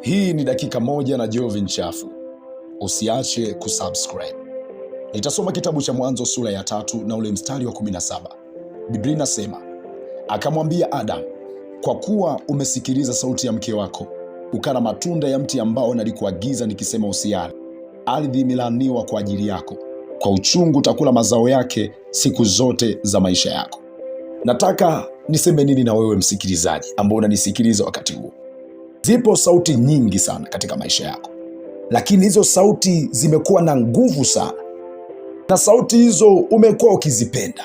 Hii ni Dakika Moja na Jovin Chafu. Usiache kusubscribe. Nitasoma kitabu cha Mwanzo sura ya tatu na ule mstari wa 17. Biblia inasema, akamwambia Adam, kwa kuwa umesikiliza sauti ya mke wako ukala matunda ya mti ambao nalikuagiza nikisema usiale, ardhi imelaaniwa kwa ajili yako, kwa uchungu utakula mazao yake siku zote za maisha yako. Nataka niseme nini na wewe msikilizaji ambao unanisikiliza wakati huu? Zipo sauti nyingi sana katika maisha yako, lakini hizo sauti zimekuwa na nguvu sana, na sauti hizo umekuwa ukizipenda,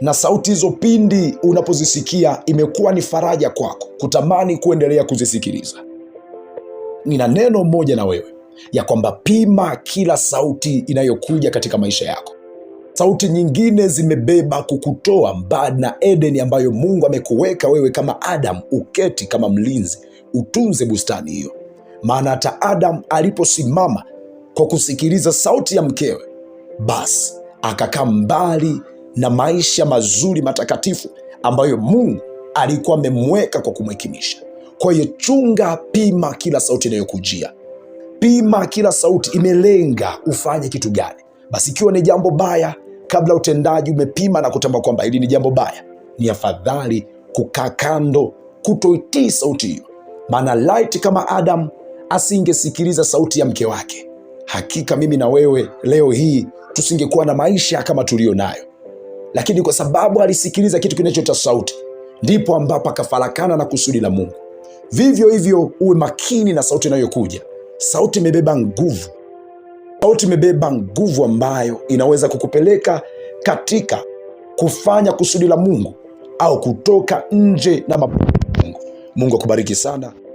na sauti hizo pindi unapozisikia imekuwa ni faraja kwako kutamani kuendelea kuzisikiliza. Nina neno moja na wewe ya kwamba pima kila sauti inayokuja katika maisha yako. Sauti nyingine zimebeba kukutoa mbali na Edeni ambayo Mungu amekuweka wewe kama Adamu uketi kama mlinzi utunze bustani hiyo. Maana hata adam aliposimama kwa kusikiliza sauti ya mkewe, basi akakaa mbali na maisha mazuri matakatifu ambayo Mungu alikuwa amemweka kwa kumwekimisha Kwa hiyo chunga, pima kila sauti inayokujia, pima kila sauti imelenga ufanye kitu gani. Basi ikiwa ni jambo baya, kabla utendaji umepima na kutamba kwamba hili ni jambo baya, ni afadhali kukaa kando, kutoitii sauti hiyo maana laiti kama adam asingesikiliza sauti ya mke wake, hakika mimi na wewe leo hii tusingekuwa na maisha kama tuliyo nayo. Lakini kwa sababu alisikiliza kitu kinachota sauti, ndipo ambapo akafarakana na kusudi la Mungu. Vivyo hivyo, uwe makini na sauti inayokuja. Sauti imebeba nguvu, sauti imebeba nguvu ambayo inaweza kukupeleka katika kufanya kusudi la Mungu au kutoka nje na mapu Mungu akubariki sana.